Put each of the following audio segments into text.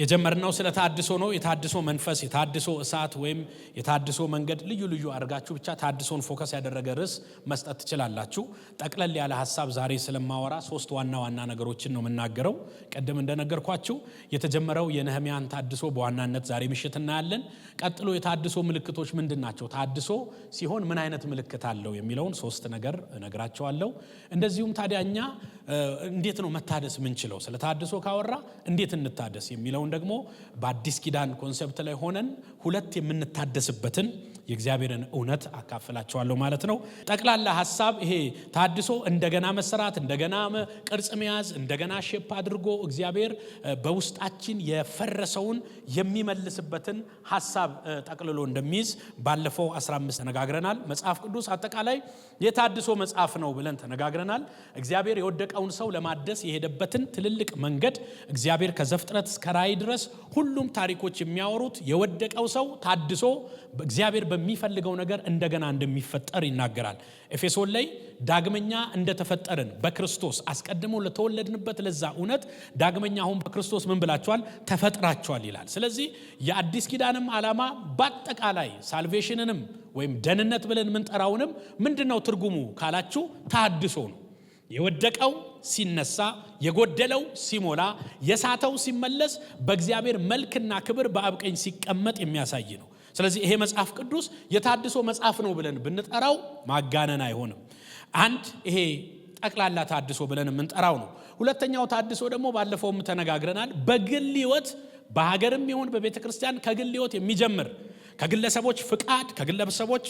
የጀመርነው ስለ ታድሶ ነው። የታድሶ መንፈስ፣ የታድሶ እሳት ወይም የታድሶ መንገድ ልዩ ልዩ አድርጋችሁ ብቻ ታድሶን ፎከስ ያደረገ ርዕስ መስጠት ትችላላችሁ። ጠቅለል ያለ ሀሳብ ዛሬ ስለማወራ ሶስት ዋና ዋና ነገሮችን ነው የምናገረው። ቀደም እንደነገርኳችሁ የተጀመረው የነህሚያን ታድሶ በዋናነት ዛሬ ምሽት እናያለን። ቀጥሎ የታድሶ ምልክቶች ምንድን ናቸው፣ ታድሶ ሲሆን ምን አይነት ምልክት አለው የሚለውን ሶስት ነገር እነግራቸዋለሁ። እንደዚሁም ታዲያ እኛ እንዴት ነው መታደስ ምንችለው፣ ስለ ታድሶ ካወራ እንዴት እንታደስ የሚለው ደግሞ በአዲስ ኪዳን ኮንሰፕት ላይ ሆነን ሁለት የምንታደስበትን የእግዚአብሔርን እውነት አካፍላቸዋለሁ ማለት ነው። ጠቅላላ ሀሳብ ይሄ ታድሶ እንደገና መሰራት፣ እንደገና ቅርጽ መያዝ፣ እንደገና ሼፕ አድርጎ እግዚአብሔር በውስጣችን የፈረሰውን የሚመልስበትን ሀሳብ ጠቅልሎ እንደሚይዝ ባለፈው 15 ተነጋግረናል። መጽሐፍ ቅዱስ አጠቃላይ የታድሶ መጽሐፍ ነው ብለን ተነጋግረናል። እግዚአብሔር የወደቀውን ሰው ለማደስ የሄደበትን ትልልቅ መንገድ እግዚአብሔር ከዘፍጥረት እስከ ራይ ድረስ ሁሉም ታሪኮች የሚያወሩት የወደቀው ሰው ታድሶ እግዚአብሔር በሚፈልገው ነገር እንደገና እንደሚፈጠር ይናገራል። ኤፌሶን ላይ ዳግመኛ እንደተፈጠርን በክርስቶስ አስቀድሞ ለተወለድንበት ለዛ እውነት ዳግመኛ አሁን በክርስቶስ ምን ብላችኋል? ተፈጥራችኋል ይላል። ስለዚህ የአዲስ ኪዳንም ዓላማ በአጠቃላይ ሳልቬሽንንም ወይም ደህንነት ብለን የምንጠራውንም ምንድን ነው ትርጉሙ ካላችሁ ታድሶ ነው። የወደቀው ሲነሳ፣ የጎደለው ሲሞላ፣ የሳተው ሲመለስ፣ በእግዚአብሔር መልክና ክብር በአብቀኝ ሲቀመጥ የሚያሳይ ነው። ስለዚህ ይሄ መጽሐፍ ቅዱስ የታድሶ መጽሐፍ ነው ብለን ብንጠራው ማጋነን አይሆንም። አንድ ይሄ ጠቅላላ ታድሶ ብለን የምንጠራው ነው። ሁለተኛው ታድሶ ደግሞ ባለፈውም ተነጋግረናል። በግል ህይወት በሀገርም ይሁን በቤተ ክርስቲያን ከግል ህይወት የሚጀምር ከግለሰቦች ፍቃድ፣ ከግለሰቦች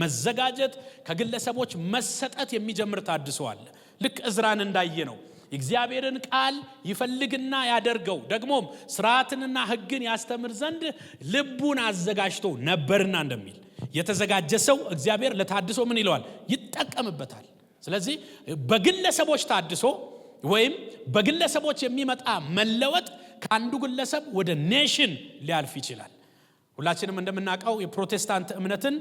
መዘጋጀት፣ ከግለሰቦች መሰጠት የሚጀምር ታድሶ አለ። ልክ እዝራን እንዳየ ነው የእግዚአብሔርን ቃል ይፈልግና ያደርገው ደግሞም ስርዓትንና ህግን ያስተምር ዘንድ ልቡን አዘጋጅቶ ነበርና እንደሚል የተዘጋጀ ሰው እግዚአብሔር ለታድሶ ምን ይለዋል? ይጠቀምበታል። ስለዚህ በግለሰቦች ታድሶ ወይም በግለሰቦች የሚመጣ መለወጥ ከአንዱ ግለሰብ ወደ ኔሽን ሊያልፍ ይችላል። ሁላችንም እንደምናውቀው የፕሮቴስታንት እምነትን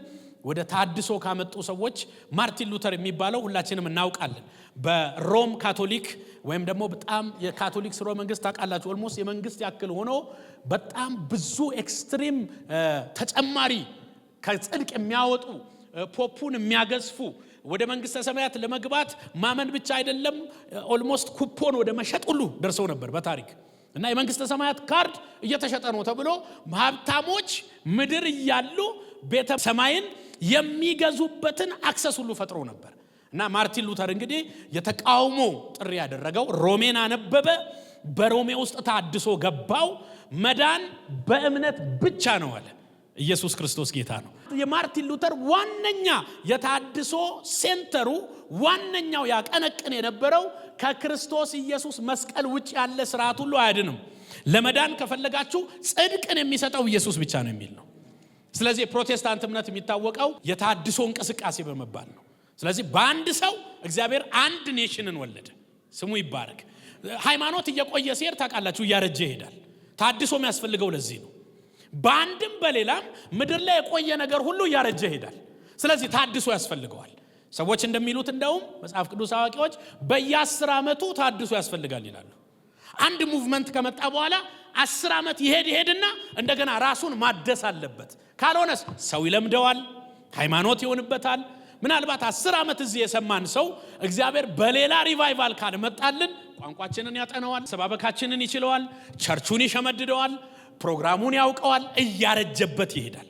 ወደ ታድሶ ካመጡ ሰዎች ማርቲን ሉተር የሚባለው ሁላችንም እናውቃለን። በሮም ካቶሊክ ወይም ደግሞ በጣም የካቶሊክ ስሮ መንግስት ታውቃላችሁ፣ ኦልሞስት የመንግስት ያክል ሆኖ በጣም ብዙ ኤክስትሪም ተጨማሪ ከጽድቅ የሚያወጡ ፖፑን የሚያገዝፉ ወደ መንግስተ ሰማያት ለመግባት ማመን ብቻ አይደለም፣ ኦልሞስት ኩፖን ወደ መሸጥ ሁሉ ደርሰው ነበር በታሪክ እና የመንግስተ ሰማያት ካርድ እየተሸጠ ነው ተብሎ ሀብታሞች ምድር እያሉ ቤተ ሰማይን የሚገዙበትን አክሰስ ሁሉ ፈጥሮ ነበር እና ማርቲን ሉተር እንግዲህ የተቃውሞ ጥሪ ያደረገው ሮሜን አነበበ፣ በሮሜ ውስጥ ታድሶ ገባው። መዳን በእምነት ብቻ ነው አለ። ኢየሱስ ክርስቶስ ጌታ ነው። የማርቲን ሉተር ዋነኛ የታድሶ ሴንተሩ ዋነኛው ያቀነቅን የነበረው ከክርስቶስ ኢየሱስ መስቀል ውጭ ያለ ስርዓት ሁሉ አያድንም፣ ለመዳን ከፈለጋችሁ ጽድቅን የሚሰጠው ኢየሱስ ብቻ ነው የሚል ነው። ስለዚህ የፕሮቴስታንት እምነት የሚታወቀው የታድሶ እንቅስቃሴ በመባል ነው። ስለዚህ በአንድ ሰው እግዚአብሔር አንድ ኔሽንን ወለደ። ስሙ ይባረክ። ሃይማኖት እየቆየ ሴር ታውቃላችሁ፣ እያረጀ ይሄዳል። ታድሶ የሚያስፈልገው ለዚህ ነው። በአንድም በሌላም ምድር ላይ የቆየ ነገር ሁሉ እያረጀ ይሄዳል። ስለዚህ ታድሶ ያስፈልገዋል። ሰዎች እንደሚሉት እንደውም መጽሐፍ ቅዱስ አዋቂዎች በየአስር ዓመቱ ታድሶ ያስፈልጋል ይላሉ። አንድ ሙቭመንት ከመጣ በኋላ አስር ዓመት ይሄድ ይሄድና እንደገና ራሱን ማደስ አለበት። ካልሆነስ ሰው ይለምደዋል፣ ሃይማኖት ይሆንበታል። ምናልባት አስር ዓመት እዚህ የሰማን ሰው እግዚአብሔር በሌላ ሪቫይቫል ካልመጣልን ቋንቋችንን ያጠነዋል፣ ሰባበካችንን ይችለዋል፣ ቸርቹን ይሸመድደዋል፣ ፕሮግራሙን ያውቀዋል፣ እያረጀበት ይሄዳል።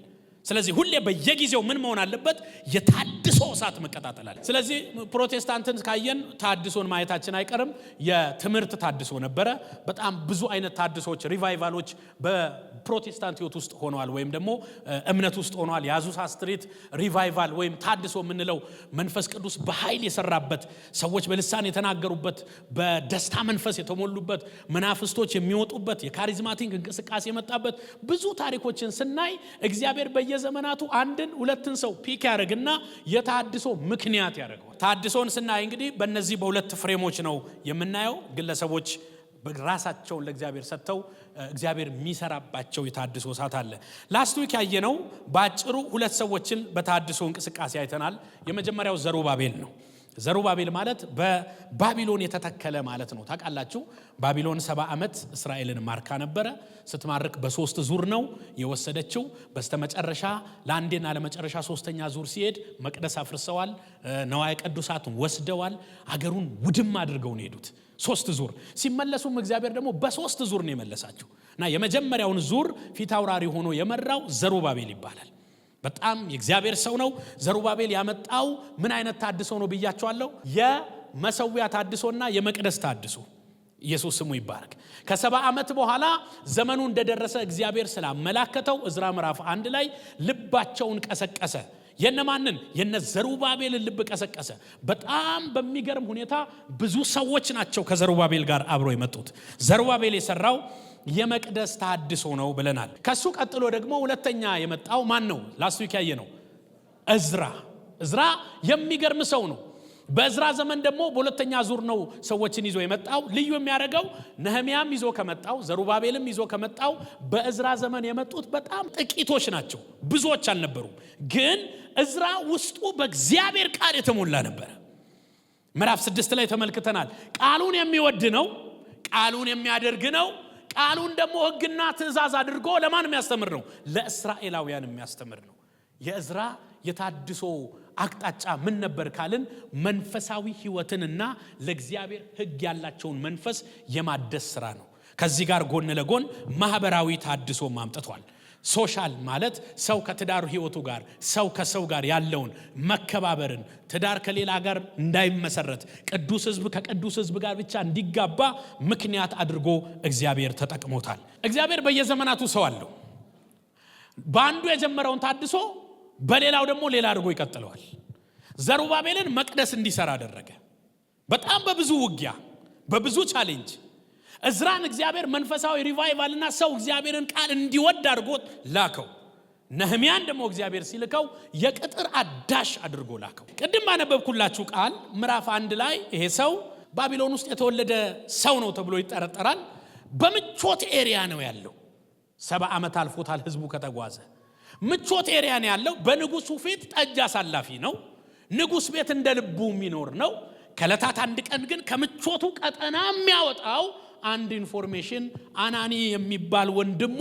ስለዚህ ሁሌ በየጊዜው ምን መሆን አለበት? የታድሶ እሳት መቀጣጠላል ስለዚህ ፕሮቴስታንትን ካየን ታድሶን ማየታችን አይቀርም። የትምህርት ታድሶ ነበረ። በጣም ብዙ አይነት ታድሶች፣ ሪቫይቫሎች በፕሮቴስታንት ህይወት ውስጥ ሆነዋል፣ ወይም ደግሞ እምነት ውስጥ ሆነዋል። የአዙሳ ስትሪት ሪቫይቫል ወይም ታድሶ የምንለው መንፈስ ቅዱስ በኃይል የሰራበት ሰዎች በልሳን የተናገሩበት በደስታ መንፈስ የተሞሉበት መናፍስቶች የሚወጡበት የካሪዝማቲክ እንቅስቃሴ የመጣበት ብዙ ታሪኮችን ስናይ እግዚአብሔር በየ በየዘመናቱ አንድን ሁለትን ሰው ፒክ ያደርግና የታድሶ ምክንያት ያደርገዋል። ታድሶን ስናይ እንግዲህ በእነዚህ በሁለት ፍሬሞች ነው የምናየው። ግለሰቦች ራሳቸውን ለእግዚአብሔር ሰጥተው እግዚአብሔር የሚሰራባቸው የታድሶ እሳት አለ። ላስት ዊክ ያየነው በአጭሩ ሁለት ሰዎችን በታድሶ እንቅስቃሴ አይተናል። የመጀመሪያው ዘሩባቤል ነው። ዘሩባቤል ማለት በባቢሎን የተተከለ ማለት ነው። ታውቃላችሁ ባቢሎን ሰባ ዓመት እስራኤልን ማርካ ነበረ። ስትማርክ በሶስት ዙር ነው የወሰደችው። በስተመጨረሻ ለአንዴና ለመጨረሻ ሶስተኛ ዙር ሲሄድ መቅደስ አፍርሰዋል፣ ነዋይ ቅዱሳትን ወስደዋል፣ አገሩን ውድም አድርገው ነው ሄዱት ሶስት ዙር ሲመለሱም እግዚአብሔር ደግሞ በሶስት ዙር ነው የመለሳቸው እና የመጀመሪያውን ዙር ፊት አውራሪ ሆኖ የመራው ዘሩባቤል ይባላል። በጣም የእግዚአብሔር ሰው ነው። ዘሩባቤል ያመጣው ምን አይነት ታድሶ ነው ብያቸዋለሁ? የመሰዊያ ታድሶና የመቅደስ ታድሶ ኢየሱስ ስሙ ይባረክ። ከሰባ ዓመት በኋላ ዘመኑ እንደደረሰ እግዚአብሔር ስላመላከተው እዝራ ምዕራፍ አንድ ላይ ልባቸውን ቀሰቀሰ። የነማንን የነ ዘሩባቤልን ልብ ቀሰቀሰ። በጣም በሚገርም ሁኔታ ብዙ ሰዎች ናቸው ከዘሩባቤል ጋር አብረው የመጡት። ዘሩባቤል የሰራው የመቅደስ ታድሶ ነው ብለናል። ከሱ ቀጥሎ ደግሞ ሁለተኛ የመጣው ማን ነው? ላስቱ ያየ ነው እዝራ። እዝራ የሚገርም ሰው ነው። በእዝራ ዘመን ደግሞ በሁለተኛ ዙር ነው ሰዎችን ይዞ የመጣው። ልዩ የሚያደረገው ነህሚያም ይዞ ከመጣው ዘሩባቤልም ይዞ ከመጣው በእዝራ ዘመን የመጡት በጣም ጥቂቶች ናቸው፣ ብዙዎች አልነበሩም። ግን እዝራ ውስጡ በእግዚአብሔር ቃል የተሞላ ነበረ። ምዕራፍ ስድስት ላይ ተመልክተናል። ቃሉን የሚወድ ነው፣ ቃሉን የሚያደርግ ነው ቃሉን ደግሞ ህግና ትእዛዝ አድርጎ ለማን የሚያስተምር ነው? ለእስራኤላውያን የሚያስተምር ነው። የእዝራ የታድሶ አቅጣጫ ምን ነበር ካልን መንፈሳዊ ህይወትንና ለእግዚአብሔር ህግ ያላቸውን መንፈስ የማደስ ስራ ነው። ከዚህ ጋር ጎን ለጎን ማህበራዊ ታድሶ ማምጥቷል። ሶሻል ማለት ሰው ከትዳሩ ህይወቱ ጋር ሰው ከሰው ጋር ያለውን መከባበርን ትዳር ከሌላ ጋር እንዳይመሰረት ቅዱስ ህዝብ ከቅዱስ ህዝብ ጋር ብቻ እንዲጋባ ምክንያት አድርጎ እግዚአብሔር ተጠቅሞታል። እግዚአብሔር በየዘመናቱ ሰው አለው። በአንዱ የጀመረውን ታድሶ በሌላው ደግሞ ሌላ አድርጎ ይቀጥለዋል። ዘሩባቤልን መቅደስ እንዲሰራ አደረገ። በጣም በብዙ ውጊያ በብዙ ቻሌንጅ እዝራን እግዚአብሔር መንፈሳዊ ሪቫይቫልና ሰው እግዚአብሔርን ቃል እንዲወድ አድርጎት ላከው። ነህሚያን ደግሞ እግዚአብሔር ሲልከው የቅጥር አዳሽ አድርጎ ላከው። ቅድም ባነበብኩላችሁ ቃል ምዕራፍ አንድ ላይ ይሄ ሰው ባቢሎን ውስጥ የተወለደ ሰው ነው ተብሎ ይጠረጠራል። በምቾት ኤሪያ ነው ያለው። ሰባ ዓመት አልፎታል ህዝቡ ከተጓዘ ምቾት ኤሪያ ነው ያለው። በንጉሱ ፊት ጠጅ አሳላፊ ነው። ንጉስ ቤት እንደ ልቡ የሚኖር ነው። ከለታት አንድ ቀን ግን ከምቾቱ ቀጠና የሚያወጣው አንድ ኢንፎርሜሽን አናኒ የሚባል ወንድሙ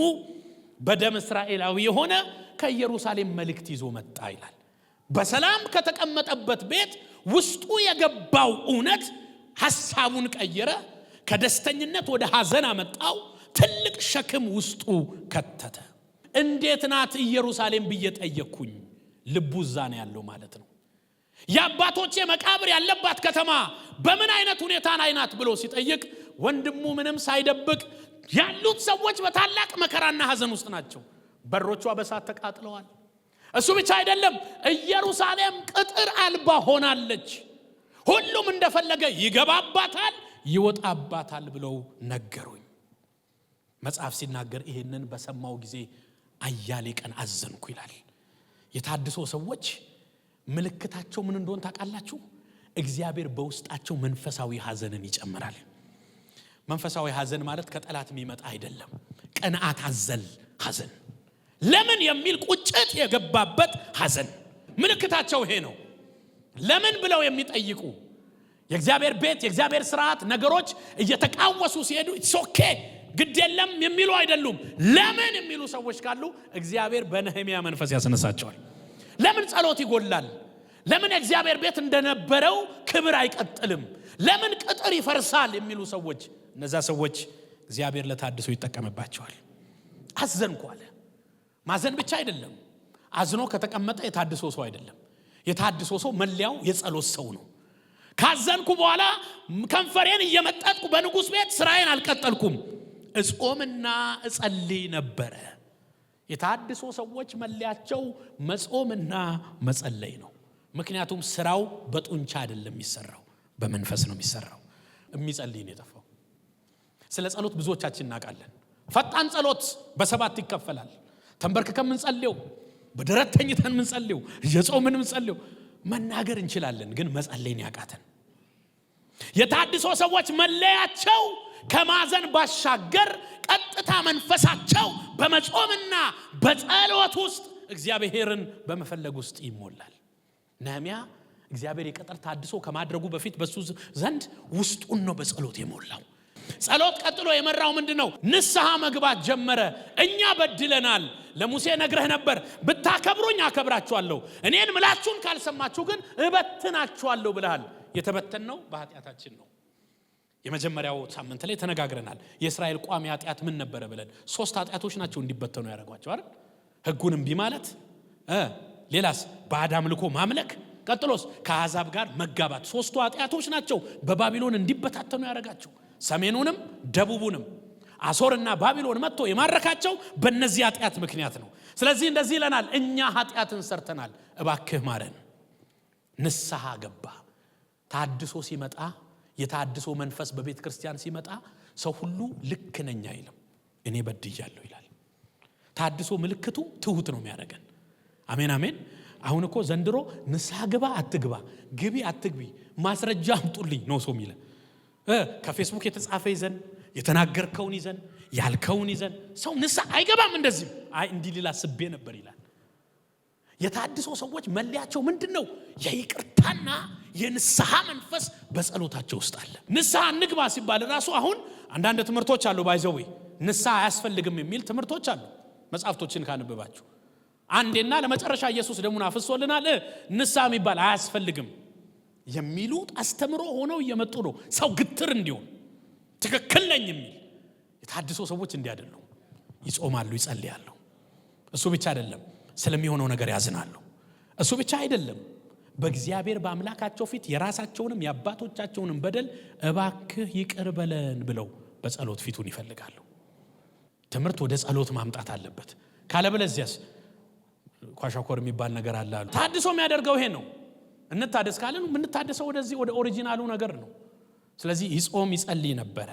በደም እስራኤላዊ የሆነ ከኢየሩሳሌም መልእክት ይዞ መጣ ይላል። በሰላም ከተቀመጠበት ቤት ውስጡ የገባው እውነት ሐሳቡን ቀየረ። ከደስተኝነት ወደ ሐዘን አመጣው። ትልቅ ሸክም ውስጡ ከተተ። እንዴት ናት ኢየሩሳሌም ብዬ ጠየቅኩኝ። ልቡ እዛ ነው ያለው ማለት ነው። የአባቶቼ መቃብር ያለባት ከተማ በምን አይነት ሁኔታ ላይ ብሎ ሲጠይቅ ወንድሙ ምንም ሳይደብቅ ያሉት ሰዎች በታላቅ መከራና ሀዘን ውስጥ ናቸው። በሮቿ በሳት ተቃጥለዋል። እሱ ብቻ አይደለም፣ ኢየሩሳሌም ቅጥር አልባ ሆናለች። ሁሉም እንደፈለገ ይገባባታል፣ ይወጣባታል ብለው ነገሩኝ። መጽሐፍ ሲናገር ይህንን በሰማው ጊዜ አያሌ ቀን አዘንኩ ይላል። የታድሶ ሰዎች ምልክታቸው ምን እንደሆን ታውቃላችሁ? እግዚአብሔር በውስጣቸው መንፈሳዊ ሀዘንን ይጨምራል። መንፈሳዊ ሀዘን ማለት ከጠላት የሚመጣ አይደለም። ቅንዓት አዘል ሀዘን ለምን የሚል ቁጭት የገባበት ሀዘን ምልክታቸው ይሄ ነው። ለምን ብለው የሚጠይቁ የእግዚአብሔር ቤት የእግዚአብሔር ስርዓት ነገሮች እየተቃወሱ ሲሄዱ ሶኬ ግድ የለም የሚሉ አይደሉም። ለምን የሚሉ ሰዎች ካሉ እግዚአብሔር በነህሚያ መንፈስ ያስነሳቸዋል። ለምን ጸሎት ይጎላል? ለምን እግዚአብሔር ቤት እንደነበረው ክብር አይቀጥልም? ለምን ቅጥር ይፈርሳል? የሚሉ ሰዎች እነዛ ሰዎች እግዚአብሔር ለታድሶ ይጠቀምባቸዋል። አዘንኩ አለ። ማዘን ብቻ አይደለም። አዝኖ ከተቀመጠ የታድሶ ሰው አይደለም። የታድሶ ሰው መለያው የጸሎት ሰው ነው። ካዘንኩ በኋላ ከንፈሬን እየመጠጥኩ በንጉሥ ቤት ስራዬን አልቀጠልኩም፣ እጾምና እጸልይ ነበረ። የታድሶ ሰዎች መለያቸው መጾምና መጸለይ ነው። ምክንያቱም ስራው በጡንቻ አይደለም የሚሰራው፣ በመንፈስ ነው የሚሰራው። የሚጸልይ ነው የጠፋው። ስለ ጸሎት ብዙዎቻችን እናውቃለን። ፈጣን ጸሎት በሰባት ይከፈላል። ተንበርክከን ምንጸልየው፣ በደረት ተኝተን ምንጸልየው፣ እየጾምን ምንጸልየው። መናገር እንችላለን፣ ግን መጸለይን ያቃተን የታድሶ ሰዎች መለያቸው ከማዘን ባሻገር ቀጥታ መንፈሳቸው በመጾምና በጸሎት ውስጥ እግዚአብሔርን በመፈለግ ውስጥ ይሞላል። ነህምያ እግዚአብሔር የቀጠር ታድሶ ከማድረጉ በፊት በሱ ዘንድ ውስጡን ነው በጸሎት የሞላው። ጸሎት ቀጥሎ የመራው ምንድን ነው? ንስሐ መግባት ጀመረ። እኛ በድለናል። ለሙሴ ነግረህ ነበር፣ ብታከብሩኝ አከብራችኋለሁ፣ እኔን ምላችሁን ካልሰማችሁ ግን እበትናችኋለሁ ብለሃል። የተበተን ነው በኃጢአታችን ነው። የመጀመሪያው ሳምንት ላይ ተነጋግረናል። የእስራኤል ቋሚ ኃጢአት ምን ነበረ ብለን ሶስት ኃጢአቶች ናቸው እንዲበተኑ ያደረጓቸው አይደል? ህጉን እምቢ ማለት፣ ሌላስ በአዳም ልኮ ማምለክ፣ ቀጥሎስ ከአሕዛብ ጋር መጋባት። ሶስቱ ኃጢአቶች ናቸው በባቢሎን እንዲበታተኑ ያደረጋቸው። ሰሜኑንም ደቡቡንም አሶርና ባቢሎን መጥቶ የማረካቸው በእነዚህ ኃጢአት ምክንያት ነው። ስለዚህ እንደዚህ ይለናል፣ እኛ ኃጢአትን ሰርተናል፣ እባክህ ማረን። ንስሐ ገባ። ታድሶ ሲመጣ የታድሶ መንፈስ በቤተ ክርስቲያን ሲመጣ ሰው ሁሉ ልክ ነኝ አይልም፣ እኔ በድያለሁ ይላል። ታድሶ ምልክቱ ትሁት ነው የሚያደረገን አሜን አሜን። አሁን እኮ ዘንድሮ ንስሐ ግባ አትግባ፣ ግቢ አትግቢ፣ ማስረጃ አምጡልኝ ነው ሰው የሚለን ከፌስቡክ የተጻፈ ይዘን የተናገርከውን ይዘን ያልከውን ይዘን ሰው ንሳ አይገባም። እንደዚህ አይ እንዲህ ሊላ ስቤ ነበር ይላል። የታድሶ ሰዎች መለያቸው ምንድን ነው? የይቅርታና የንስሐ መንፈስ በጸሎታቸው ውስጥ አለ። ንስሐ ንግባ ሲባል ራሱ አሁን አንዳንድ ትምህርቶች አሉ። ባይዘዌ ንስሐ አያስፈልግም የሚል ትምህርቶች አሉ። መጽሐፍቶችን ካነበባችሁ አንዴና ለመጨረሻ ኢየሱስ ደሙን አፍሶልናል፣ ንስሐ የሚባል አያስፈልግም የሚሉት አስተምሮ ሆነው እየመጡ ነው። ሰው ግትር እንዲሆን ትክክል ነኝ የሚል የታድሶ ሰዎች እንዲያደሉ አይደሉም። ይጾማሉ፣ ይጸልያሉ። እሱ ብቻ አይደለም ስለሚሆነው ነገር ያዝናሉ። እሱ ብቻ አይደለም በእግዚአብሔር በአምላካቸው ፊት የራሳቸውንም የአባቶቻቸውንም በደል እባክህ ይቅር በለን ብለው በጸሎት ፊቱን ይፈልጋሉ። ትምህርት ወደ ጸሎት ማምጣት አለበት። ካለበለዚያስ ኳሻኮር የሚባል ነገር አለ አሉ። ታድሶ የሚያደርገው ይሄ ነው። እንታደስ ካለን የምንታደሰው ወደዚህ ወደ ኦሪጂናሉ ነገር ነው። ስለዚህ ይጾም ይጸልይ ነበረ።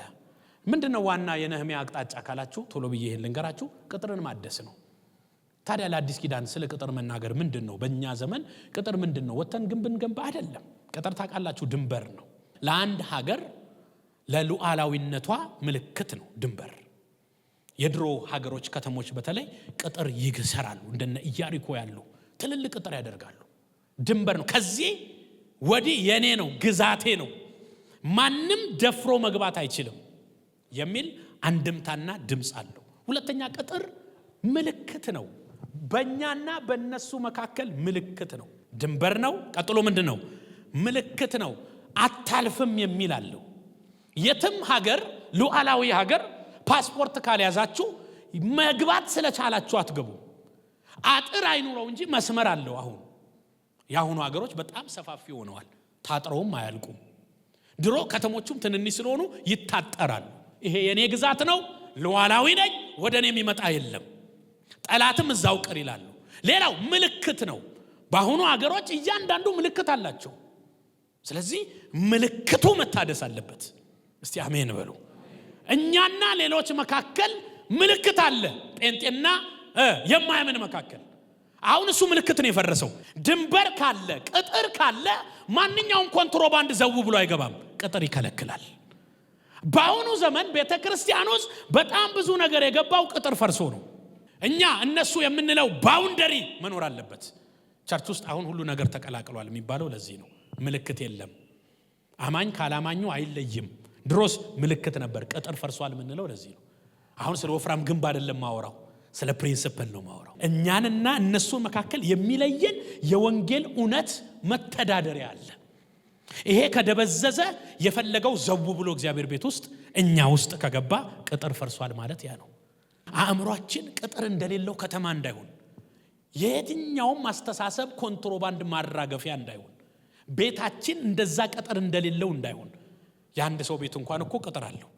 ምንድን ነው ዋና የነህሚያ አቅጣጫ ካላችሁ ቶሎ ብዬ ይህን ልንገራችሁ፣ ቅጥርን ማደስ ነው። ታዲያ ለአዲስ ኪዳን ስለ ቅጥር መናገር ምንድን ነው? በእኛ ዘመን ቅጥር ምንድን ነው? ወተን ግንብን ገንባ አይደለም። ቅጥር ታቃላችሁ ድንበር ነው። ለአንድ ሀገር ለሉዓላዊነቷ ምልክት ነው ድንበር። የድሮ ሀገሮች ከተሞች በተለይ ቅጥር ይሰራሉ። እንደነ ኢያሪኮ ያሉ ትልልቅ ቅጥር ያደርጋሉ። ድንበር ነው። ከዚህ ወዲህ የኔ ነው፣ ግዛቴ ነው፣ ማንም ደፍሮ መግባት አይችልም የሚል አንድምታና ድምፅ አለው። ሁለተኛ ቅጥር ምልክት ነው። በእኛና በእነሱ መካከል ምልክት ነው፣ ድንበር ነው። ቀጥሎ ምንድን ነው? ምልክት ነው። አታልፍም የሚል አለው። የትም ሀገር፣ ሉዓላዊ ሀገር ፓስፖርት ካልያዛችሁ መግባት ስለቻላችሁ አትገቡ። አጥር አይኑረው እንጂ መስመር አለው አሁን የአሁኑ ሀገሮች በጣም ሰፋፊ ሆነዋል። ታጥረውም አያልቁም። ድሮ ከተሞቹም ትንንሽ ስለሆኑ ይታጠራል። ይሄ የእኔ ግዛት ነው፣ ለዋላዊ ነኝ፣ ወደ እኔ የሚመጣ የለም፣ ጠላትም እዛው ቅር ይላሉ። ሌላው ምልክት ነው። በአሁኑ ሀገሮች እያንዳንዱ ምልክት አላቸው። ስለዚህ ምልክቱ መታደስ አለበት። እስቲ አሜን በሉ። እኛና ሌሎች መካከል ምልክት አለ። ጴንጤና የማያምን መካከል አሁን እሱ ምልክት ነው የፈረሰው። ድንበር ካለ ቅጥር ካለ ማንኛውም ኮንትሮባንድ ዘው ብሎ አይገባም፣ ቅጥር ይከለክላል። በአሁኑ ዘመን ቤተ ክርስቲያን ውስጥ በጣም ብዙ ነገር የገባው ቅጥር ፈርሶ ነው። እኛ እነሱ የምንለው ባውንደሪ መኖር አለበት። ቸርች ውስጥ አሁን ሁሉ ነገር ተቀላቅሏል የሚባለው ለዚህ ነው። ምልክት የለም። አማኝ ካላማኙ አይለይም። ድሮስ ምልክት ነበር። ቅጥር ፈርሷል የምንለው ለዚህ ነው። አሁን ስለ ወፍራም ግንብ አይደለም ማወራው ስለ ፕሪንስፕል ነው ማውራው እኛንና እነሱን መካከል የሚለየን የወንጌል እውነት መተዳደሪያ አለ። ይሄ ከደበዘዘ የፈለገው ዘው ብሎ እግዚአብሔር ቤት ውስጥ እኛ ውስጥ ከገባ ቅጥር ፈርሷል ማለት ያ ነው። አእምሯችን ቅጥር እንደሌለው ከተማ እንዳይሆን፣ የየትኛውም አስተሳሰብ ኮንትሮባንድ ማራገፊያ እንዳይሆን፣ ቤታችን እንደዛ ቅጥር እንደሌለው እንዳይሆን። የአንድ ሰው ቤት እንኳን እኮ ቅጥር አለው።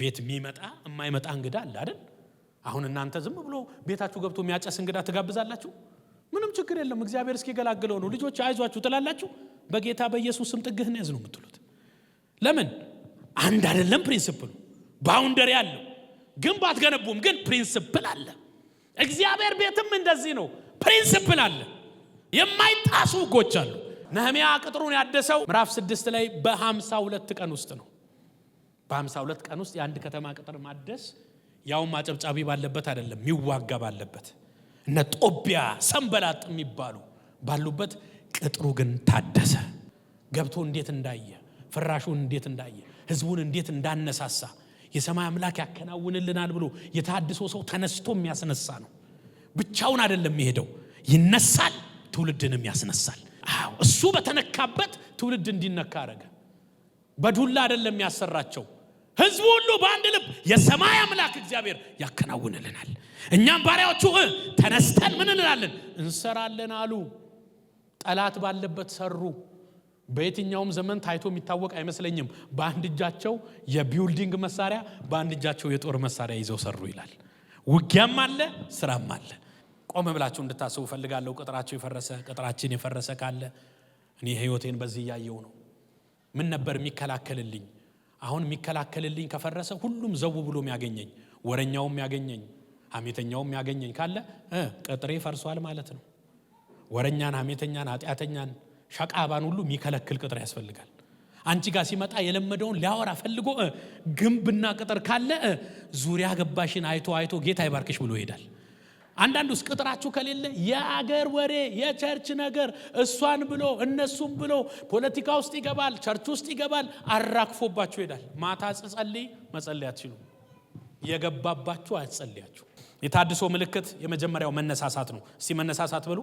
ቤት የሚመጣ የማይመጣ እንግዳ አለ አይደል? አሁን እናንተ ዝም ብሎ ቤታችሁ ገብቶ የሚያጨስ እንግዳ ትጋብዛላችሁ? ምንም ችግር የለም፣ እግዚአብሔር እስኪገላግለው ነው። ልጆች አይዟችሁ ትላላችሁ፣ በጌታ በኢየሱስ ስም ጥግህን ያዝ ነው የምትሉት። ለምን አንድ አይደለም? ፕሪንስፕሉ ባውንደሪ አለው፣ ግን ባትገነቡም ግን ፕሪንስፕል አለ። እግዚአብሔር ቤትም እንደዚህ ነው፣ ፕሪንስፕል አለ። የማይጣሱ ህጎች አሉ። ነህሚያ ቅጥሩን ያደሰው ምዕራፍ ስድስት ላይ በሀምሳ ሁለት ቀን ውስጥ ነው። በሀምሳ ሁለት ቀን ውስጥ የአንድ ከተማ ቅጥር ማደስ ያውም አጨብጫቢ ባለበት አይደለም፣ ሚዋጋ ባለበት እነ ጦቢያ ሰንበላጥ የሚባሉ ባሉበት ቅጥሩ ግን ታደሰ። ገብቶ እንዴት እንዳየ ፍራሹን እንዴት እንዳየ ህዝቡን እንዴት እንዳነሳሳ የሰማይ አምላክ ያከናውንልናል ብሎ የታድሶ ሰው ተነስቶ የሚያስነሳ ነው። ብቻውን አይደለም የሚሄደው፣ ይነሳል፣ ትውልድንም ያስነሳል። እሱ በተነካበት ትውልድ እንዲነካ አረገ። በዱላ አይደለም ያሰራቸው ህዝቡ ሁሉ በአንድ ልብ የሰማይ አምላክ እግዚአብሔር ያከናውንልናል። እኛም ባሪያዎቹ ተነስተን ምን እንላለን? እንሰራለን አሉ። ጠላት ባለበት ሰሩ። በየትኛውም ዘመን ታይቶ የሚታወቅ አይመስለኝም። በአንድ እጃቸው የቢውልዲንግ መሳሪያ፣ በአንድ እጃቸው የጦር መሳሪያ ይዘው ሰሩ ይላል። ውጊያም አለ፣ ስራም አለ። ቆመ ብላችሁ እንድታስቡ ፈልጋለሁ። ቅጥራቸው የፈረሰ ቅጥራችን የፈረሰ ካለ እኔ ህይወቴን በዚህ እያየው ነው። ምን ነበር የሚከላከልልኝ? አሁን የሚከላከልልኝ ከፈረሰ ሁሉም ዘው ብሎ የሚያገኘኝ ወረኛውም የሚያገኘኝ አሜተኛውም የሚያገኘኝ ካለ ቅጥሬ ፈርሷል ማለት ነው። ወረኛን፣ ሐሜተኛን፣ አጢአተኛን ሸቃባን ሁሉ የሚከለክል ቅጥር ያስፈልጋል። አንቺ ጋር ሲመጣ የለመደውን ሊያወራ ፈልጎ ግንብና ቅጥር ካለ ዙሪያ ገባሽን አይቶ አይቶ ጌታ ይባርክሽ ብሎ ይሄዳል። አንዳንዱ ውስጥ ቅጥራችሁ ከሌለ የአገር ወሬ የቸርች ነገር እሷን ብሎ እነሱም ብሎ ፖለቲካ ውስጥ ይገባል፣ ቸርች ውስጥ ይገባል፣ አራክፎባችሁ ይሄዳል። ማታ ጸልይ መጸለይ አትችሉ። የገባባችሁ አያጸልያችሁ። የታድሶ ምልክት የመጀመሪያው መነሳሳት ነው። እስቲ መነሳሳት ብሉ።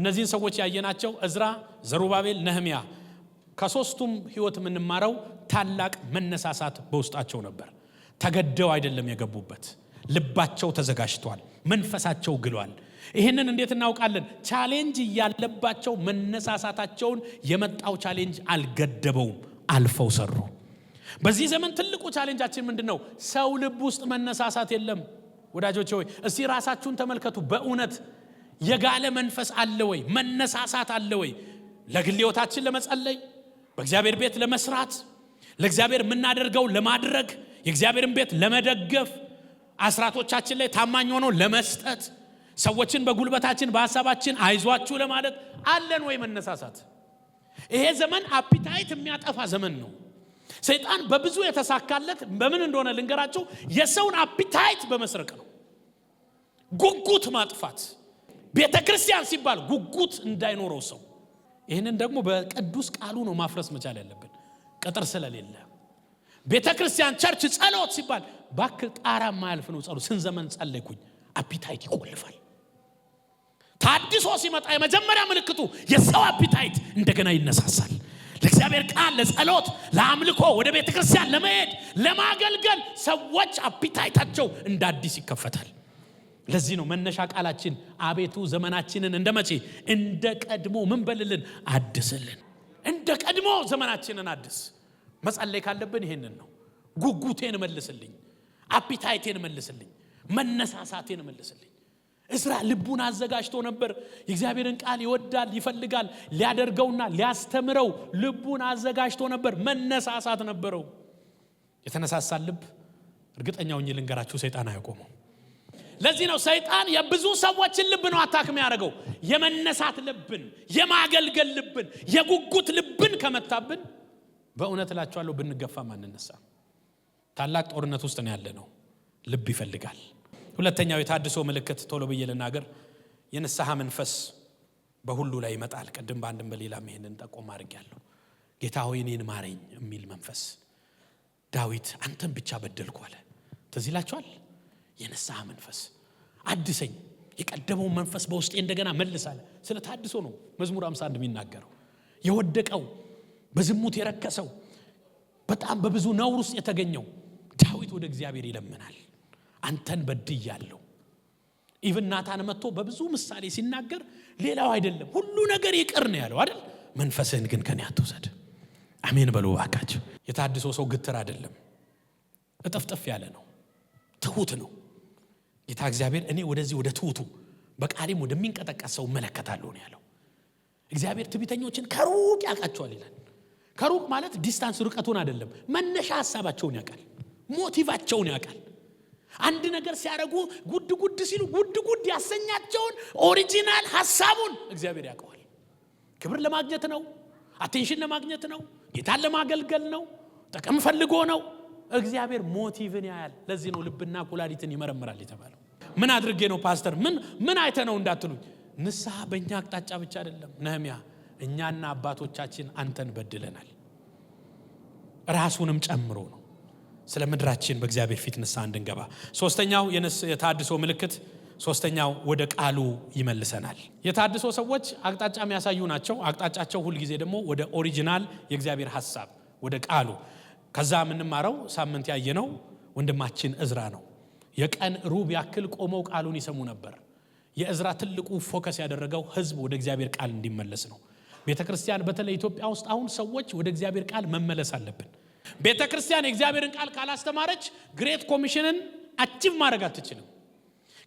እነዚህን ሰዎች ያየናቸው እዝራ፣ ዘሩባቤል፣ ነህሚያ ከሶስቱም ህይወት የምንማረው ታላቅ መነሳሳት በውስጣቸው ነበር። ተገደው አይደለም የገቡበት፣ ልባቸው ተዘጋጅቷል። መንፈሳቸው ግሏል። ይህንን እንዴት እናውቃለን? ቻሌንጅ እያለባቸው መነሳሳታቸውን የመጣው ቻሌንጅ አልገደበውም፣ አልፈው ሰሩ። በዚህ ዘመን ትልቁ ቻሌንጃችን ምንድን ነው? ሰው ልብ ውስጥ መነሳሳት የለም። ወዳጆች ሆይ እስቲ ራሳችሁን ተመልከቱ። በእውነት የጋለ መንፈስ አለ ወይ? መነሳሳት አለ ወይ? ለግል ለመጸለይ፣ በእግዚአብሔር ቤት ለመስራት፣ ለእግዚአብሔር የምናደርገው ለማድረግ፣ የእግዚአብሔርን ቤት ለመደገፍ አስራቶቻችን ላይ ታማኝ ሆኖ ለመስጠት ሰዎችን በጉልበታችን በሀሳባችን አይዟችሁ ለማለት አለን ወይ መነሳሳት? ይሄ ዘመን አፒታይት የሚያጠፋ ዘመን ነው። ሰይጣን በብዙ የተሳካለት በምን እንደሆነ ልንገራቸው የሰውን አፒታይት በመስረቅ ነው። ጉጉት ማጥፋት፣ ቤተ ክርስቲያን ሲባል ጉጉት እንዳይኖረው ሰው። ይህንን ደግሞ በቅዱስ ቃሉ ነው ማፍረስ መቻል ያለብን፣ ቅጥር ስለሌለ ቤተ ክርስቲያን ቸርች ጸሎት ሲባል ባክል ጣራ ማያልፍ ነው ጸሎት። ስንት ዘመን ጸለይኩኝ። አፒታይት ይቆልፋል። ታድሶ ሲመጣ የመጀመሪያ ምልክቱ የሰው አፒታይት እንደገና ይነሳሳል። ለእግዚአብሔር ቃል፣ ለጸሎት፣ ለአምልኮ፣ ወደ ቤተ ክርስቲያን ለመሄድ ለማገልገል ሰዎች አፒታይታቸው እንደ አዲስ ይከፈታል። ለዚህ ነው መነሻ ቃላችን አቤቱ ዘመናችንን እንደ መቼ እንደ ቀድሞ ምን በልልን አድስልን። እንደ ቀድሞ ዘመናችንን አድስ። መጸለይ ካለብን ይሄንን ነው። ጉጉቴን መልስልኝ አፒታይቴን መልስልኝ፣ መነሳሳቴን መልስልኝ። እስራ ልቡን አዘጋጅቶ ነበር። የእግዚአብሔርን ቃል ይወዳል፣ ይፈልጋል፣ ሊያደርገውና ሊያስተምረው ልቡን አዘጋጅቶ ነበር። መነሳሳት ነበረው። የተነሳሳ ልብ እርግጠኛው ሆኜ ልንገራችሁ ሰይጣን አያቆመው። ለዚህ ነው ሰይጣን የብዙ ሰዎችን ልብ ነው አታክም ያደረገው። የመነሳት ልብን፣ የማገልገል ልብን፣ የጉጉት ልብን ከመታብን በእውነት እላችኋለሁ ብንገፋ ማንነሳ ታላቅ ጦርነት ውስጥ ነው ያለ ነው። ልብ ይፈልጋል። ሁለተኛው የታድሶ ምልክት ቶሎ ብዬ ልናገር፣ የንስሐ መንፈስ በሁሉ ላይ ይመጣል። ቅድም በአንድም በሌላ ይሄንን ጠቆም አድርጌያለሁ። ጌታ ሆይ እኔን ማረኝ የሚል መንፈስ። ዳዊት አንተን ብቻ በደልኩ አለ። ትዝ የንስሐ መንፈስ አድሰኝ፣ የቀደመውን መንፈስ በውስጤ እንደገና መልሳለ ስለ ታድሶ ነው መዝሙር 51 የሚናገረው። የወደቀው በዝሙት የረከሰው በጣም በብዙ ነውር ውስጥ የተገኘው በትዕቢት ወደ እግዚአብሔር ይለምናል። አንተን በድያለሁ። ኢቭን ናታን መጥቶ በብዙ ምሳሌ ሲናገር ሌላው አይደለም ሁሉ ነገር ይቅር ነው ያለው አይደል? መንፈስህን ግን ከኔ አትውሰድ። አሜን በሉ ባካች የታድሶ ሰው ግትር አይደለም፣ እጥፍጥፍ ያለ ነው፣ ትሁት ነው። ጌታ እግዚአብሔር እኔ ወደዚህ ወደ ትሁቱ በቃሌም ወደሚንቀጠቀስ ሰው እመለከታለሁ ነው ያለው። እግዚአብሔር ትቢተኞችን ከሩቅ ያውቃቸዋል ይላል። ከሩቅ ማለት ዲስታንስ ርቀቱን አይደለም፣ መነሻ ሀሳባቸውን ያውቃል። ሞቲቫቸውን ያውቃል። አንድ ነገር ሲያደርጉ ጉድ ጉድ ሲሉ ጉድ ጉድ ያሰኛቸውን ኦሪጂናል ሀሳቡን እግዚአብሔር ያውቀዋል። ክብር ለማግኘት ነው፣ አቴንሽን ለማግኘት ነው፣ ጌታን ለማገልገል ነው፣ ጥቅም ፈልጎ ነው። እግዚአብሔር ሞቲቭን ያያል። ለዚህ ነው ልብና ኩላሊትን ይመረምራል የተባለው። ምን አድርጌ ነው ፓስተር? ምን ምን አይተ ነው እንዳትሉኝ፣ ንስሐ በእኛ አቅጣጫ ብቻ አይደለም። ነህሚያ እኛና አባቶቻችን አንተን በድለናል፣ ራሱንም ጨምሮ ነው ስለ ምድራችን በእግዚአብሔር ፊት ንሳ እንድንገባ። ሶስተኛው የታድሶ ምልክት ሶስተኛው ወደ ቃሉ ይመልሰናል። የታድሶ ሰዎች አቅጣጫ የሚያሳዩ ናቸው። አቅጣጫቸው ሁልጊዜ ደግሞ ወደ ኦሪጂናል የእግዚአብሔር ሀሳብ ወደ ቃሉ። ከዛ የምንማረው ሳምንት ያየነው ወንድማችን እዝራ ነው። የቀን ሩብ ያክል ቆመው ቃሉን ይሰሙ ነበር። የእዝራ ትልቁ ፎከስ ያደረገው ህዝብ ወደ እግዚአብሔር ቃል እንዲመለስ ነው። ቤተ ክርስቲያን በተለይ ኢትዮጵያ ውስጥ አሁን ሰዎች ወደ እግዚአብሔር ቃል መመለስ አለብን። ቤተ ክርስቲያን የእግዚአብሔርን ቃል ካላስተማረች ግሬት ኮሚሽንን አቺቭ ማድረግ አትችልም።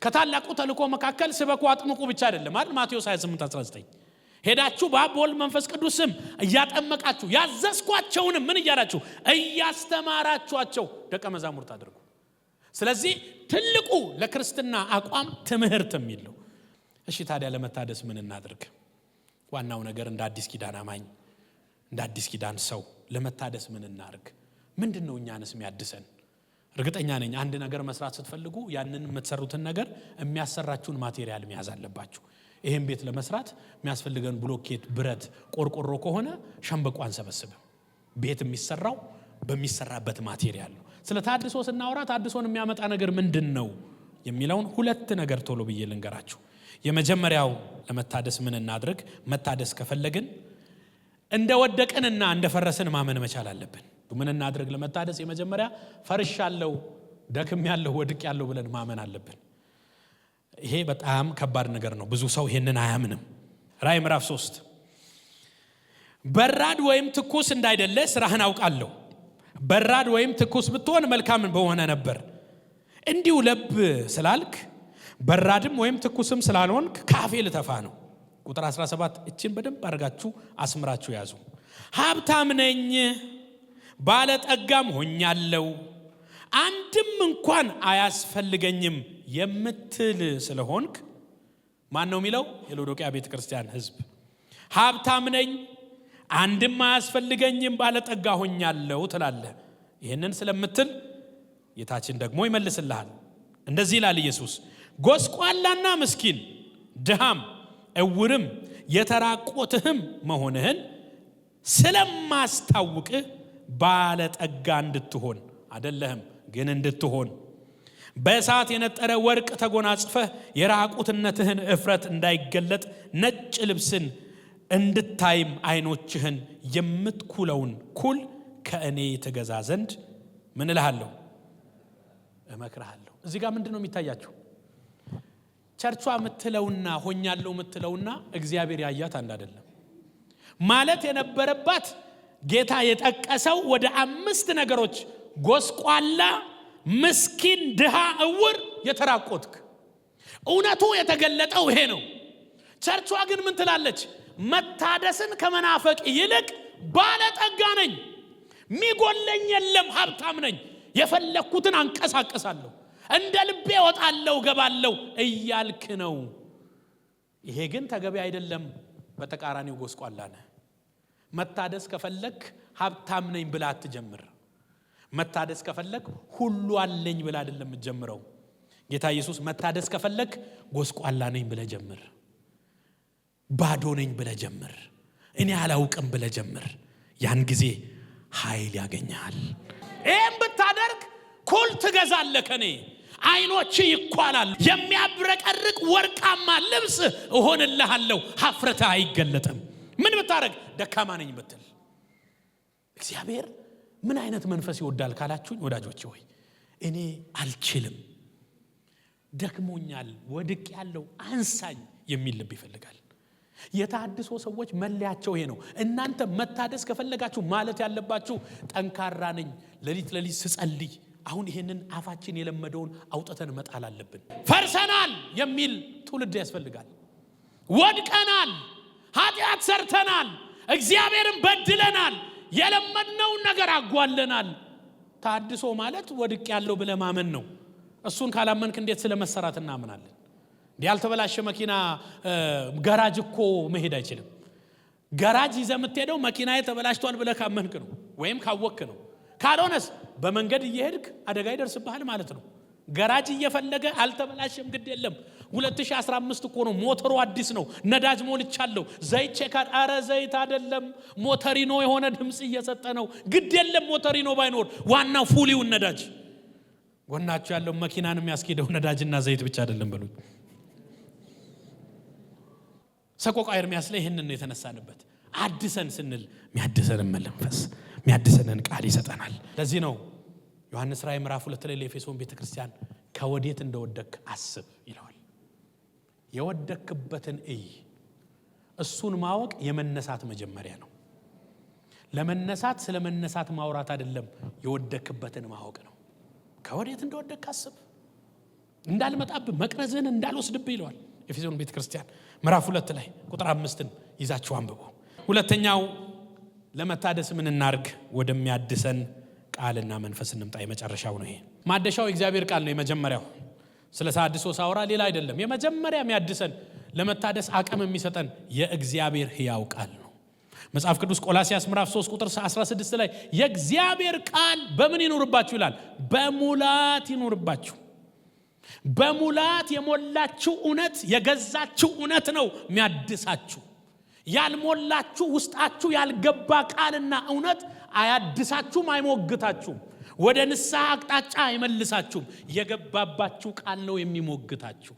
ከታላቁ ተልእኮ መካከል ስበኩ አጥምቁ ብቻ አይደለም አይደል? ማቴዎስ 28 19 ሄዳችሁ በአብ መንፈስ ቅዱስ ስም እያጠመቃችሁ ያዘዝኳቸውንም ምን እያላችሁ እያስተማራችኋቸው ደቀ መዛሙርት አድርጉ። ስለዚህ ትልቁ ለክርስትና አቋም ትምህርት የሚል ነው። እሺ ታዲያ ለመታደስ ምን እናድርግ? ዋናው ነገር እንደ አዲስ ኪዳን አማኝ እንደ አዲስ ኪዳን ሰው ለመታደስ ምን እናርግ? ምንድን ነው እኛንስ የሚያድሰን? እርግጠኛ ነኝ አንድ ነገር መስራት ስትፈልጉ ያንን የምትሰሩትን ነገር የሚያሰራችሁን ማቴሪያል መያዝ አለባችሁ። ይህም ቤት ለመስራት የሚያስፈልገን ብሎኬት፣ ብረት፣ ቆርቆሮ ከሆነ ሸንበቆ አንሰበስብም። ቤት የሚሰራው በሚሰራበት ማቴሪያል ነው። ስለ ታድሶ ስናወራ ታድሶን የሚያመጣ ነገር ምንድን ነው የሚለውን ሁለት ነገር ቶሎ ብዬ ልንገራችሁ። የመጀመሪያው ለመታደስ ምን እናድርግ? መታደስ ከፈለግን እንደ ወደቅንና እንደ ማመን መቻል አለብን። ምን እናድርግ ለመታደስ? የመጀመሪያ ፈርሻለሁ፣ ወድቅ ያለው ብለን ማመን አለብን። ይሄ በጣም ከባድ ነገር ነው። ብዙ ሰው ይሄንን አያምንም። ራይ ምዕራፍ ሶስት በራድ ወይም ትኩስ እንዳይደለ ስራህን አውቃለሁ። በራድ ወይም ትኩስ ብትሆን መልካም በሆነ ነበር። እንዲሁ ለብ ስላልክ በራድም ወይም ትኩስም ስላልሆንክ ካፌ ልተፋ ነው። ቁጥር 17 እችን በደንብ አድርጋችሁ አስምራችሁ ያዙ። ሀብታም ነኝ ባለጠጋም ሆኛለው አንድም እንኳን አያስፈልገኝም የምትል ስለሆንክ ማን ነው የሚለው? የሎዶቅያ ቤተ ክርስቲያን ህዝብ ሀብታም ነኝ አንድም አያስፈልገኝም ባለጠጋ ሆኛለው ትላለህ። ይህንን ስለምትል ጌታችን ደግሞ ይመልስልሃል። እንደዚህ ይላል ኢየሱስ ጎስቋላና ምስኪን ድሃም እውርም የተራቆትህም መሆንህን ስለማስታውቅህ ባለጠጋ እንድትሆን አደለህም ግን እንድትሆን በእሳት የነጠረ ወርቅ ተጎናጽፈህ የራቁትነትህን እፍረት እንዳይገለጥ ነጭ ልብስን እንድታይም አይኖችህን የምትኩለውን ኩል ከእኔ የተገዛ ዘንድ ምን እልሃለሁ? እመክርሃለሁ። እዚህ ጋር ምንድን ነው የሚታያችሁ? ቸርቿ የምትለውና ሆኛለሁ የምትለውና እግዚአብሔር ያያት አንድ አይደለም። ማለት የነበረባት ጌታ የጠቀሰው ወደ አምስት ነገሮች ጎስቋላ፣ ምስኪን፣ ድሃ፣ እውር፣ የተራቆትክ እውነቱ የተገለጠው ይሄ ነው። ቸርቿ ግን ምን ትላለች? መታደስን ከመናፈቅ ይልቅ ባለጠጋ ነኝ፣ ሚጎለኝ የለም፣ ሀብታም ነኝ፣ የፈለግኩትን አንቀሳቀሳለሁ እንደ ልቤ ወጣለው ገባለው እያልክ ነው። ይሄ ግን ተገቢ አይደለም። በተቃራኒው ጎስቋላ መታደስ ከፈለክ ሀብታም ነኝ ብላ አትጀምር። መታደስ ከፈለክ ሁሉ አለኝ ብላ አይደለም ጀምረው ጌታ ኢየሱስ መታደስ ከፈለክ ጎስቋላ ነኝ ብለ ጀምር። ባዶ ነኝ ብለ ጀምር። እኔ አላውቅም ብለ ጀምር። ያን ጊዜ ኃይል ያገኘሃል። ይህም ብታደርግ ኩል ትገዛለህ ከኔ አይኖች ይኳላል የሚያብረቀርቅ ወርቃማ ልብስ እሆንልሃለሁ። ሀፍረታ አይገለጥም። ምን ብታደረግ ደካማ ነኝ ብትል። እግዚአብሔር ምን አይነት መንፈስ ይወዳል ካላችሁኝ፣ ወዳጆች ሆይ እኔ አልችልም፣ ደክሞኛል፣ ወድቅ ያለው አንሳኝ የሚል ልብ ይፈልጋል። የታድሶ ሰዎች መለያቸው ይሄ ነው። እናንተ መታደስ ከፈለጋችሁ ማለት ያለባችሁ ጠንካራ ነኝ፣ ለሊት ለሊት ስጸልይ አሁን ይሄንን አፋችን የለመደውን አውጥተን መጣል አለብን። ፈርሰናል የሚል ትውልድ ያስፈልጋል። ወድቀናል፣ ኃጢአት ሰርተናል፣ እግዚአብሔርን በድለናል፣ የለመድነውን ነገር አጓለናል። ታድሶ ማለት ወድቅ ያለው ብለ ማመን ነው። እሱን ካላመንክ እንዴት ስለ መሰራት እናምናለን? ያልተበላሸ መኪና ገራጅ እኮ መሄድ አይችልም። ገራጅ ይዘ የምትሄደው መኪና ተበላሽቷል ብለ ካመንክ ነው፣ ወይም ካወክ ነው። ካልሆነስ በመንገድ እየሄድክ አደጋ ይደርስብሃል ማለት ነው። ገራጅ እየፈለገ አልተበላሸም፣ ግድ የለም 2015 እኮ ነው። ሞተሩ አዲስ ነው። ነዳጅ ሞልቻለሁ። ዘይት ቼክ አረ ዘይት አይደለም ሞተሪኖ የሆነ ድምፅ እየሰጠ ነው። ግድ የለም ሞተሪኖ ባይኖር ዋናው ፉሊውን ነዳጅ ጎናቸው ያለው መኪናን የሚያስኬደው ነዳጅና ዘይት ብቻ አይደለም ብሎ ሰቆቃ ኤርሚያስ ላይ ይህንን ነው የተነሳንበት። አድሰን ስንል የሚያድሰን መለንፈስ የሚያድሰንን ቃል ይሰጠናል። ለዚህ ነው ዮሐንስ ራይ ምዕራፍ ሁለት ላይ ለኤፌሶን ቤተ ክርስቲያን ከወዴት እንደወደክ አስብ ይለዋል። የወደክበትን እይ። እሱን ማወቅ የመነሳት መጀመሪያ ነው። ለመነሳት ስለ መነሳት ማውራት አይደለም፣ የወደክበትን ማወቅ ነው። ከወዴት እንደወደክ አስብ፣ እንዳልመጣብ መቅረዝህን እንዳልወስድብ ይለዋል። ኤፌሶን ቤተ ክርስቲያን ምዕራፍ ሁለት ላይ ቁጥር አምስትን ይዛችሁ አንብቦ ሁለተኛው ለመታደስ ምን እናርግ ወደሚያድሰን ቃልና መንፈስ እንምጣ። የመጨረሻው ነው ይሄ ማደሻው የእግዚአብሔር ቃል ነው። የመጀመሪያው ስለ ታድሶ ሳውራ ሌላ አይደለም። የመጀመሪያ የሚያድሰን ለመታደስ አቅም የሚሰጠን የእግዚአብሔር ህያው ቃል ነው። መጽሐፍ ቅዱስ ቆላሲያስ ምራፍ 3 ቁጥር 16 ላይ የእግዚአብሔር ቃል በምን ይኖርባችሁ ይላል? በሙላት ይኖርባችሁ? በሙላት የሞላችሁ እውነት የገዛችሁ እውነት ነው የሚያድሳችሁ ያልሞላችሁ ውስጣችሁ ያልገባ ቃልና እውነት አያድሳችሁም፣ አይሞግታችሁም፣ ወደ ንስሐ አቅጣጫ አይመልሳችሁም። የገባባችሁ ቃል ነው የሚሞግታችሁ።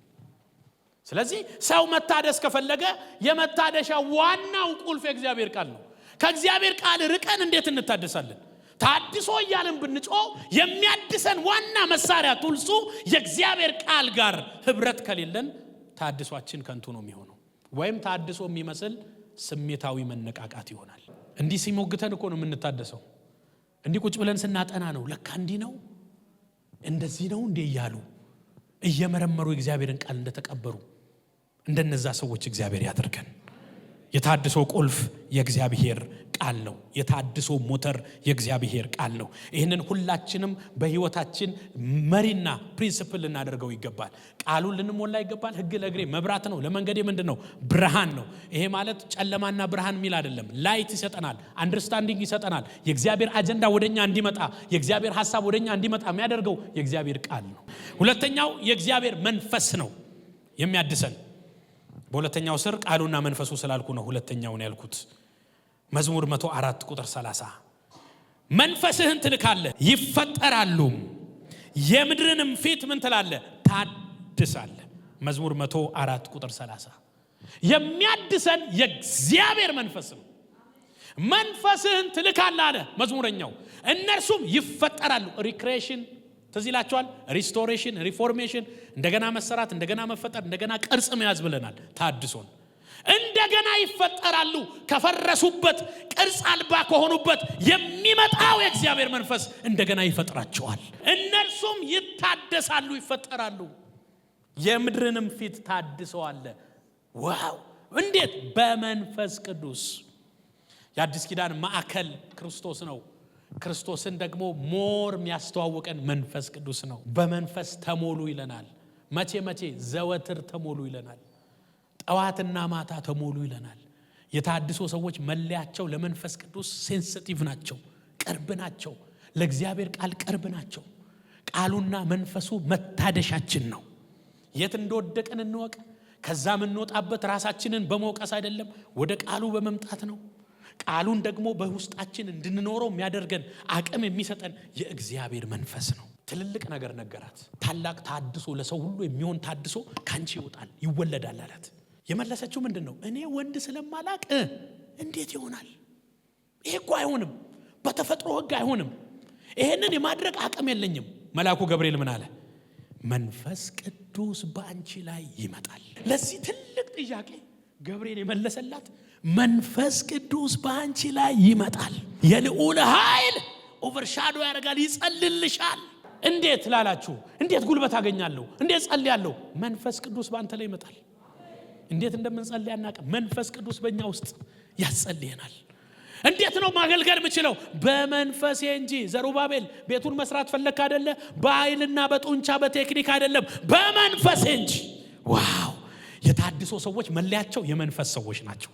ስለዚህ ሰው መታደስ ከፈለገ የመታደሻ ዋናው ቁልፍ የእግዚአብሔር ቃል ነው። ከእግዚአብሔር ቃል ርቀን እንዴት እንታደሳለን? ታድሶ እያልን ብንጮ የሚያድሰን ዋና መሳሪያ ቱልሱ የእግዚአብሔር ቃል ጋር ህብረት ከሌለን ታድሷችን ከንቱ ነው የሚሆነው ወይም ታድሶ የሚመስል ስሜታዊ መነቃቃት ይሆናል። እንዲህ ሲሞግተን እኮ ነው የምንታደሰው። እንዲህ ቁጭ ብለን ስናጠና ነው ለካ እንዲህ ነው እንደዚህ ነው እንዴ እያሉ እየመረመሩ እግዚአብሔርን ቃል እንደተቀበሩ እንደነዛ ሰዎች እግዚአብሔር ያደርገን። የታድሶ ቁልፍ የእግዚአብሔር ቃል ነው። የታድሶ ሞተር የእግዚአብሔር ቃል ነው። ይህንን ሁላችንም በህይወታችን መሪና ፕሪንስፕል ልናደርገው ይገባል። ቃሉን ልንሞላ ይገባል። ህግ ለእግሬ መብራት ነው፣ ለመንገዴ ምንድን ነው? ብርሃን ነው። ይሄ ማለት ጨለማና ብርሃን የሚል አይደለም። ላይት ይሰጠናል፣ አንደርስታንዲንግ ይሰጠናል። የእግዚአብሔር አጀንዳ ወደኛ እንዲመጣ፣ የእግዚአብሔር ሀሳብ ወደኛ እንዲመጣ የሚያደርገው የእግዚአብሔር ቃል ነው። ሁለተኛው የእግዚአብሔር መንፈስ ነው የሚያድሰን። በሁለተኛው ስር ቃሉና መንፈሱ ስላልኩ ነው ሁለተኛውን ያልኩት። መዝሙር 104 ቁጥር 30 መንፈስህን ትልካለ ይፈጠራሉ፣ የምድርንም ፊት ምን ትላለ ታድሳለ መዝሙር 104 ቁጥር 30 የሚያድሰን የእግዚአብሔር መንፈስ ነው። መንፈስህን ትልካለ አለ መዝሙረኛው፣ እነርሱም ይፈጠራሉ። ሪክሬሽን ተዚላቸዋል ሪስቶሬሽን፣ ሪፎርሜሽን፣ እንደገና መሰራት፣ እንደገና መፈጠር፣ እንደገና ቅርጽ መያዝ ብለናል። ታድሶን እንደገና ይፈጠራሉ። ከፈረሱበት ቅርጽ አልባ ከሆኑበት የሚመጣው የእግዚአብሔር መንፈስ እንደገና ይፈጥራቸዋል። እነርሱም ይታደሳሉ፣ ይፈጠራሉ። የምድርንም ፊት ታድሰዋለ። ዋው! እንዴት በመንፈስ ቅዱስ የአዲስ ኪዳን ማዕከል ክርስቶስ ነው። ክርስቶስን ደግሞ ሞር የሚያስተዋውቀን መንፈስ ቅዱስ ነው። በመንፈስ ተሞሉ ይለናል። መቼ መቼ? ዘወትር ተሞሉ ይለናል። ጠዋትና ማታ ተሞሉ ይለናል። የታድሶ ሰዎች መለያቸው ለመንፈስ ቅዱስ ሴንስቲቭ ናቸው፣ ቅርብ ናቸው። ለእግዚአብሔር ቃል ቅርብ ናቸው። ቃሉና መንፈሱ መታደሻችን ነው። የት እንደወደቀን እንወቅ። ከዛ የምንወጣበት ራሳችንን በመውቀስ አይደለም፣ ወደ ቃሉ በመምጣት ነው። ቃሉን ደግሞ በውስጣችን እንድንኖረው የሚያደርገን አቅም የሚሰጠን የእግዚአብሔር መንፈስ ነው። ትልልቅ ነገር ነገራት። ታላቅ ታድሶ፣ ለሰው ሁሉ የሚሆን ታድሶ ከአንቺ ይወጣል ይወለዳል አላት። የመለሰችው ምንድን ነው? እኔ ወንድ ስለማላቅ እንዴት ይሆናል? ይሄ እኮ አይሆንም፣ በተፈጥሮ ህግ አይሆንም። ይሄንን የማድረግ አቅም የለኝም። መልአኩ ገብርኤል ምን አለ? መንፈስ ቅዱስ በአንቺ ላይ ይመጣል። ለዚህ ትልቅ ጥያቄ ገብርኤል የመለሰላት መንፈስ ቅዱስ በአንቺ ላይ ይመጣል፣ የልዑል ኃይል ኦቨርሻዶ ያደርጋል፣ ይጸልልሻል። እንዴት ላላችሁ፣ እንዴት ጉልበት አገኛለሁ፣ እንዴት ጸልያለሁ? መንፈስ ቅዱስ በአንተ ላይ ይመጣል። እንዴት እንደምንጸልይ አናውቅም። መንፈስ ቅዱስ በእኛ ውስጥ ያጸልየናል። እንዴት ነው ማገልገል የምችለው? በመንፈሴ እንጂ። ዘሩባቤል ቤቱን መስራት ፈለግ አይደለ? በኃይልና በጡንቻ በቴክኒክ አይደለም፣ በመንፈሴ እንጂ። ዋው! የታድሶ ሰዎች መለያቸው የመንፈስ ሰዎች ናቸው።